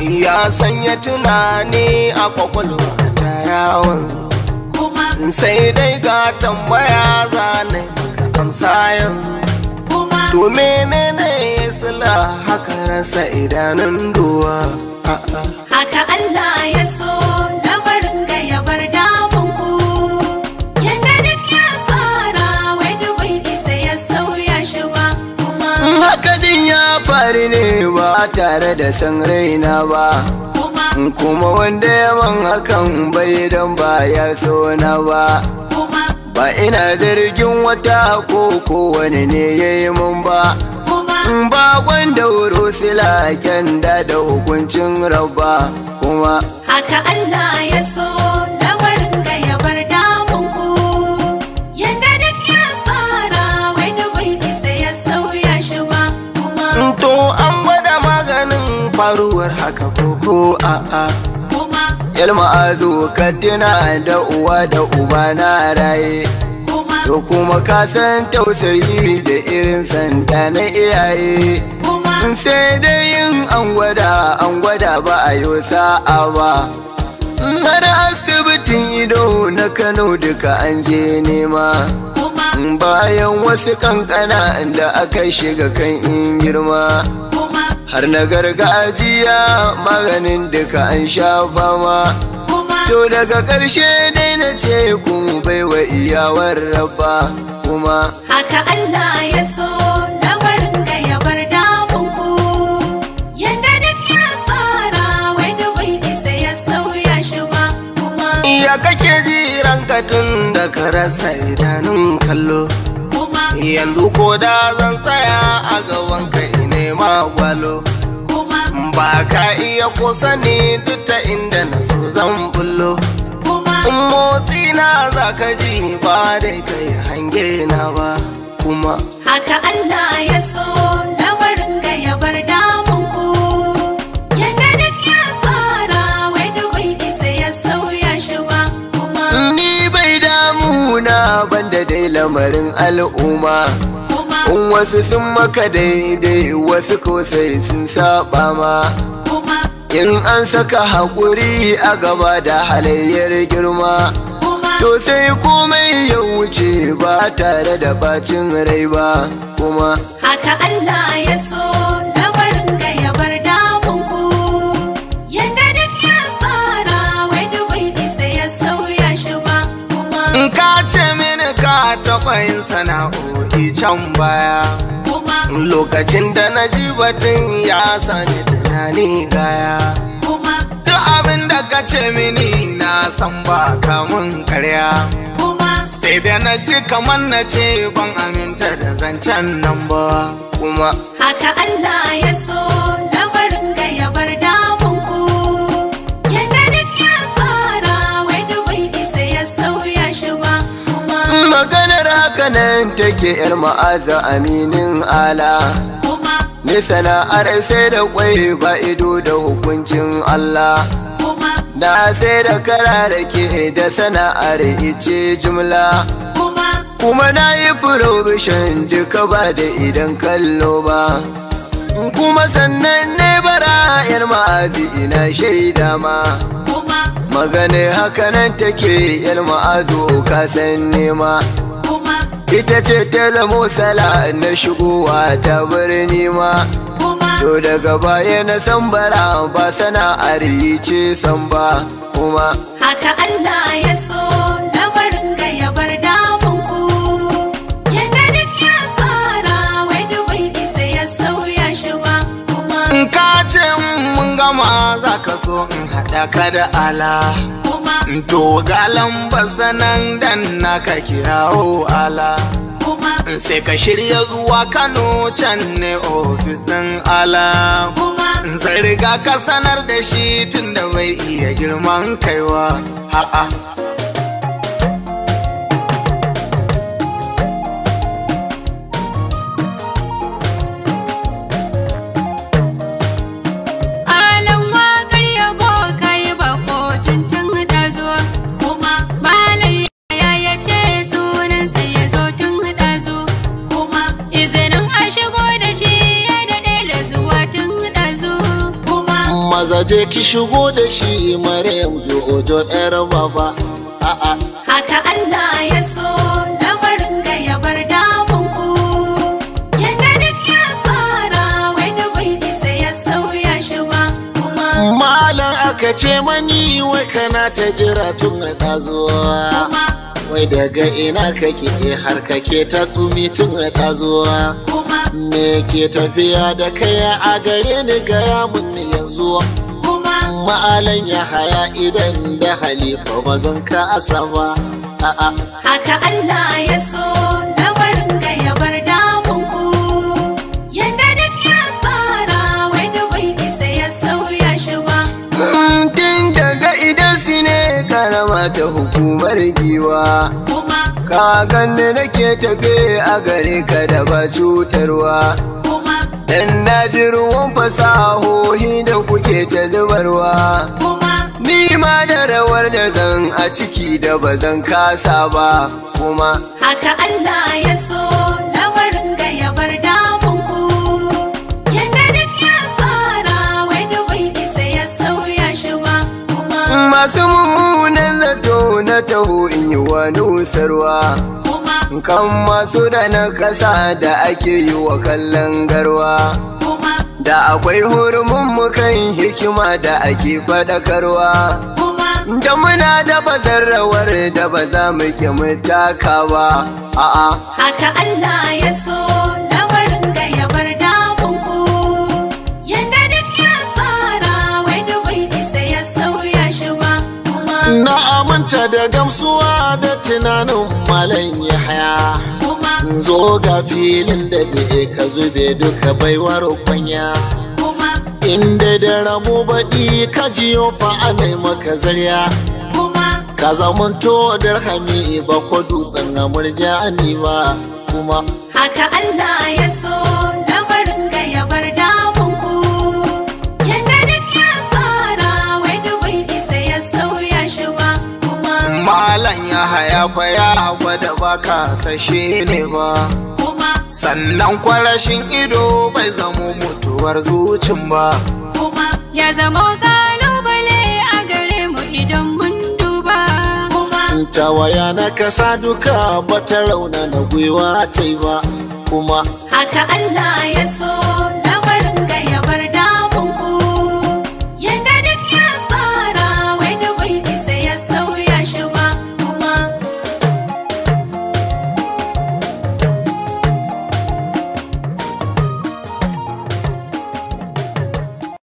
ya sanya tunani a kwakwalwa ta yawon sai dai ga tambaya zane maka amsa yanzu to menene ya sila haka rasa idanun duwa haka Allah tare da san raina ba kuma wanda ya man hakan bai don ba ya so na ba ba ina zargin wata ko kowane ne ya yi mun ba ba gwanda wuro sila da da hukuncin rabba kuma haka Allah ya so faruwar haka koko a'a Yalma azu ka tuna da uwa da uba na raye To kuma ka san tausayi da irin santa na iyaye Sai dai yin an gwada an gwada ba a yi sa'a ba Har asibitin ido na Kano duka an je nema bayan wasu kankana da aka shiga kan in girma har na gargajiya maganin duka an sha fama to daga ƙarshe dai na ce kun bai wa iyawar rabba kuma haka Allah ya so lamarin da ya bar damun kake da ka rasa idanun kallo yanzu ko da zan tsaya na kusa ne duk ta inda na so zan bullo motsi na za ka ji ba dai kai hange na ba kuma haka Allah ya so lamarin ga ya bar damun ku yadda duk ya tsara wai da bai isa ya sauya shi ba kuma ni bai damuna banda dai lamarin al'umma wasu sun maka daidai wasu kosai sun saba ma in an saka haƙuri a gaba da halayyar girma to sai komai ya wuce ba tare da bacin rai ba kuma haka Allah ya so labarin ga ya bar damun ku yadda duk ya tsara wai dubai isa ya sauya shi ba kuma in ka ce mini ka taɓa yin sana'o'i can baya lokacin da na ji batun ya sami tunani gaya duk abin da ka ce mini na san ba kamun karya sai da na ji kamar na ce ban aminta da zancen nan ba kuma haka Allah ya so nan take yar ma'aza aminin ala ni sana'ar sai da kwai ba ido da hukuncin Allah na sai da kararrake da sana'ar ice jumla kuma na yi provision duka ba da idan kallo ba kuma sannan ne bara yar ma'azi ina shaida ma magane hakanan take yar ma'azu ka san nema ita ce ta zamo sala na shigowa ta birni ma to daga baya na san bara ba sana'ar yi ce san ba kuma haka Allah ya so lamarin ga ya bar damun ku yadda duk ya tsara wai da bai ya sauya shi ba kuma in ka ce mun gama za ka so in haɗa ka da ala to ga lambar dan naka kirawo ala sai ka shirya zuwa kano can ne ofis din ala zai riga ka sanar da shi tun da bai iya girman kaiwa ha'a maza je ki shigo da shi maryam jojo yar baba a'a haka Allah ya so lamarin ga ya bar damun ku yadda duk ya tsara wani bai isa ya sauya shi ba kuma malam aka ce mani wai kana ta jira tun a tazuwa wai daga ina kake har kake ta tsumi tun a tazuwa me ke tafiya da kaya a gare ni gaya mun yanzu ma'alan ya haya idan da halifa bazan ka asaba a'a haka Allah ya so ta hukumar giwa ka ganni nake tafe a gare ka da ba cutarwa dan na ji ruwan fasahohi da kuke ta zubarwa ni ma da rawar da zan a ciki da ba zan kasa ba kuma haka Allah ya so na taho in yi wa nusarwa kan masu da na ƙasa da ake yi wa kallon garwa da akwai hurumin mu hikima da ake faɗakarwa da muna da bazarrawar da ba za mu ki mu taka ba a'a haka Allah ya so lamarin ta da gamsuwa da tunanin malam yahaya zo ga filin da bai ka zube duka baiwar kwanya inda da ramu baɗi ka jiyo fa anai maka zarya ka zamanto darhami ba ko dutsen amurja ni ba haka Allah zama kasashe ne ba sannan kwarashin ido bai zama mutuwar zucin ba ya zama kalubale a gare mu idan mun duba waya na kasa duka bata rauna na gwiwa ta yi ba kuma haka Allah ya so